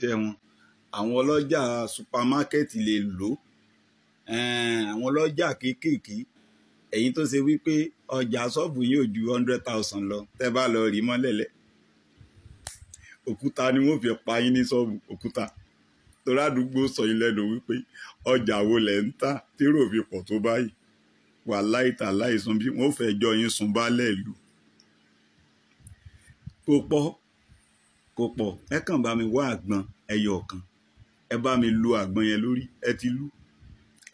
tẹ̀wọ̀n àwọn ọlọ́jà supamákẹ́ẹ̀tì lè lò àwọn ọlọ́jà kéékèèké ẹ̀yin tó ṣe wípé ọjà ṣọ́ọ̀bù yìí ò ju hundred thousand lọ tẹ́ bá lọ rí mọ́lẹ̀lẹ̀ òkúta ni wọ́n fi pa yín ní ṣọ́ọ̀bù òkúta torí àdúgbò sọ yín lẹ́nu wípé ọjà wo lẹ̀ ń tà tírò fi pọ̀ tó báyìí wà láìta láìsùn bí wọ́n fẹ́ jọ yín sùn bá lẹ̀ lù kó kò pọ̀ ẹ kàn bá mi wá àgbọn ẹyọ ọ̀kan ẹ bá mi lu àgbọn yẹn lórí ẹ ti lu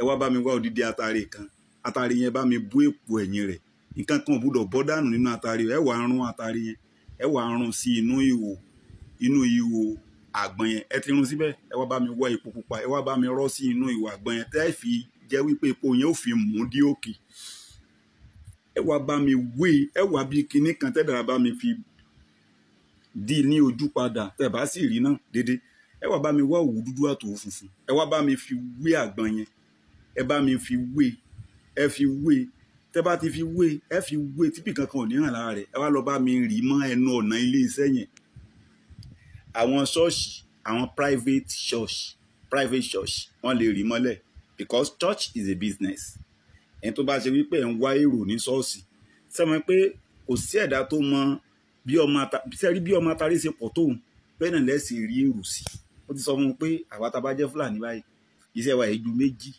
ẹ wá bá mi wá odidi atare kan atare yẹn bá mi bú èpo ẹ̀yìn rẹ̀ nǹkan kan gbúdọ̀ bọ́ dànù nínú atare ẹ wàá rún atare yẹn ẹ wàá rún sí inú ihò inú ihò àgbọn yẹn ẹ ti rún síbẹ̀ ẹ wá bá mi wá epo pupa ẹ wá bá mi rọ́ sí inú ihò àgbọn yẹn tẹ́ fi jẹ́ wípé epo yẹn ò fi mú dí òkè ẹ wá bá mi wé ẹ wá bí kinní kan tẹ́ dára bá mi fi dí ní ojú padà tẹ bá sì rí náà dédé ẹ wá bá mi wá òwú dúdú àtòwú funfun ẹ wá bá mi fi wé àgbọn yẹn ẹ bá mi fi wé ẹ fi wé tẹ bá ti fi wé ẹ fi wé típì kankan ò ní hàn lára rẹ ẹ wá lọ bá mi rì mọ́ ẹnu ọ̀nà ilé iṣẹ́ yẹn àwọn ṣọ́ọ̀ṣì àwọn private church private church wọ́n lè rì mọ́lẹ̀ because church is a business ẹni tó bá ṣe wípé ẹ̀ ń wá èrò ní ṣọ́ọ̀ṣì sẹ́wọ̀n pé kò sí ẹ̀dá tó mọ bí ọmọ ata sẹ́rí bí ọmọ atarí ṣe pọ̀ tóun bẹ́ẹ̀ náà lẹ́sìn rí èrò sí ó ti sọ fún un pé àwa tá a bá jẹ́ fúlàní báyìí iṣẹ́ wa èjú méjì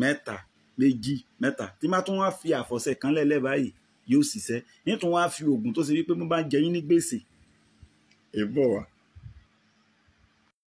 mẹ́ta méjì mẹ́ta tí má tún wá fi àfọ̀ṣẹ kan lẹ́lẹ́ báyìí yóò ṣiṣẹ́ nítorí wá fi oògùn tó ṣe wípé mo bá ń jẹ yín ní gbèsè. èbó wa